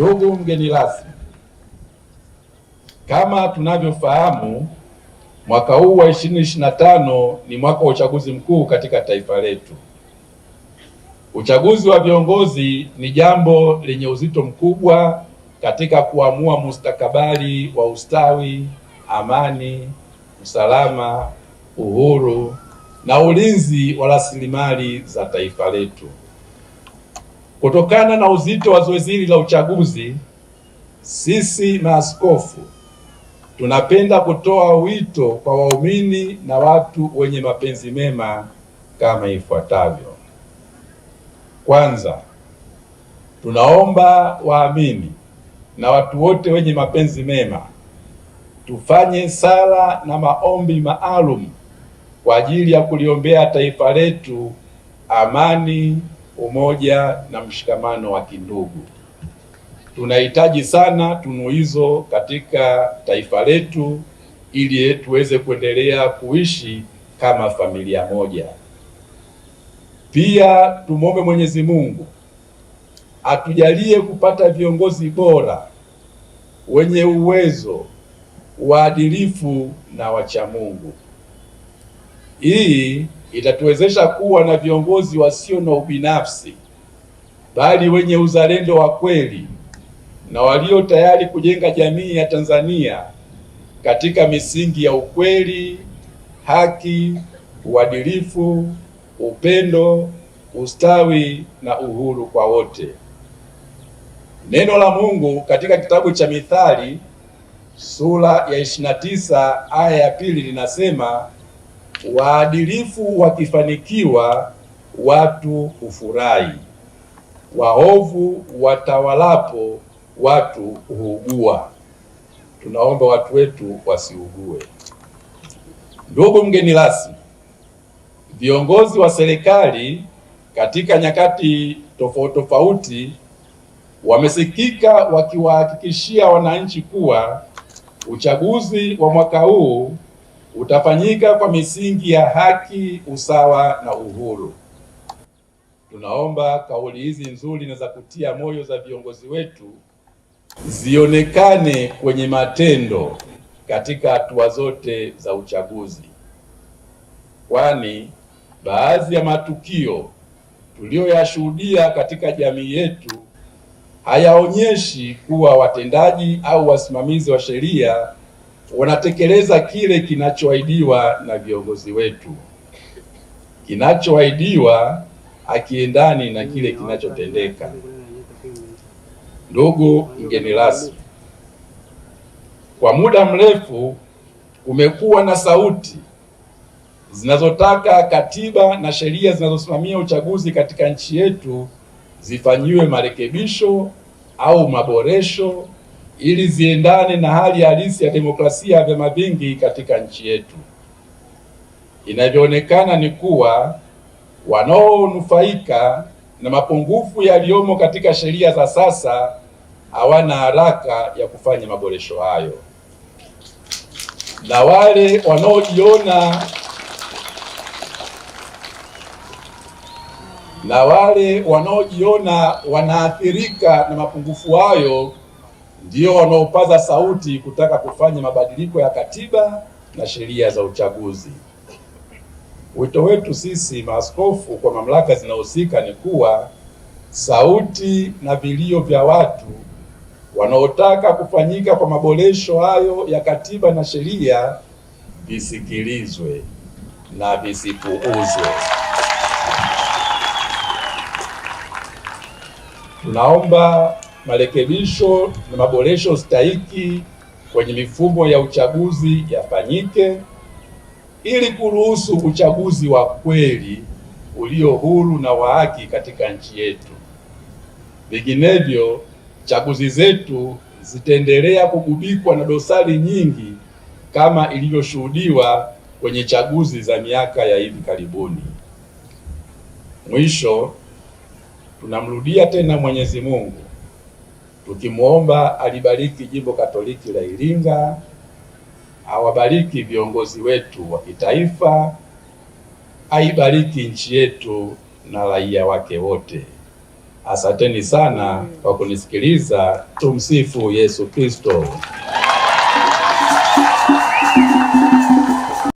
Ndugu mgeni rasmi, kama tunavyofahamu, mwaka huu wa 2025 ni mwaka wa uchaguzi mkuu katika taifa letu. Uchaguzi wa viongozi ni jambo lenye uzito mkubwa katika kuamua mustakabali wa ustawi, amani, usalama, uhuru na ulinzi wa rasilimali za taifa letu. Kutokana na uzito wa zoezi hili la uchaguzi, sisi maaskofu tunapenda kutoa wito kwa waumini na watu wenye mapenzi mema kama ifuatavyo. Kwanza, tunaomba waamini na watu wote wenye mapenzi mema tufanye sala na maombi maalum kwa ajili ya kuliombea taifa letu amani umoja na mshikamano wa kindugu. Tunahitaji sana tunu hizo katika taifa letu ili tuweze kuendelea kuishi kama familia moja. Pia tumwombe Mwenyezi Mungu atujalie kupata viongozi bora wenye uwezo, waadilifu na wacha Mungu. Hii itatuwezesha kuwa na viongozi wasio na ubinafsi, bali wenye uzalendo wa kweli na walio tayari kujenga jamii ya Tanzania katika misingi ya ukweli, haki, uadilifu, upendo, ustawi na uhuru kwa wote. Neno la Mungu katika kitabu cha Mithali sura ya 29 aya ya pili linasema Waadilifu wakifanikiwa watu hufurahi, waovu watawalapo watu huugua. Tunaomba watu wetu wasiugue. Ndugu mgeni rasmi, viongozi wa serikali katika nyakati tofauti tofauti wamesikika wakiwahakikishia wananchi kuwa uchaguzi wa mwaka huu utafanyika kwa misingi ya haki, usawa na uhuru. Tunaomba kauli hizi nzuri na za kutia moyo za viongozi wetu zionekane kwenye matendo katika hatua zote za uchaguzi, kwani baadhi ya matukio tuliyoyashuhudia katika jamii yetu hayaonyeshi kuwa watendaji au wasimamizi wa sheria wanatekeleza kile kinachoahidiwa na viongozi wetu. Kinachoahidiwa akiendani na kile kinachotendeka. Ndugu mgeni rasmi, kwa muda mrefu kumekuwa na sauti zinazotaka katiba na sheria zinazosimamia uchaguzi katika nchi yetu zifanyiwe marekebisho au maboresho ili ziendane na hali halisi ya demokrasia ya vyama vingi katika nchi yetu. Inavyoonekana ni kuwa wanaonufaika na mapungufu yaliyomo katika sheria za sasa hawana haraka ya kufanya maboresho hayo, na wale wanaojiona na wale wanaojiona wanaathirika na mapungufu hayo ndio wanaopaza sauti kutaka kufanya mabadiliko ya katiba na sheria za uchaguzi. Wito wetu sisi maaskofu kwa mamlaka zinahusika ni kuwa sauti na vilio vya watu wanaotaka kufanyika kwa maboresho hayo ya katiba na sheria visikilizwe na visipuuzwe. Tunaomba marekebisho na maboresho stahiki kwenye mifumo ya uchaguzi yafanyike ili kuruhusu uchaguzi wa kweli ulio huru na wa haki katika nchi yetu. Vinginevyo, chaguzi zetu zitaendelea kugubikwa na dosari nyingi kama ilivyoshuhudiwa kwenye chaguzi za miaka ya hivi karibuni. Mwisho, tunamrudia tena Mwenyezi Mungu Tukimwomba alibariki jimbo Katoliki la Iringa, awabariki viongozi wetu wa kitaifa, aibariki nchi yetu na raia wake wote. Asanteni sana kwa kunisikiliza. Tumsifu Yesu Kristo.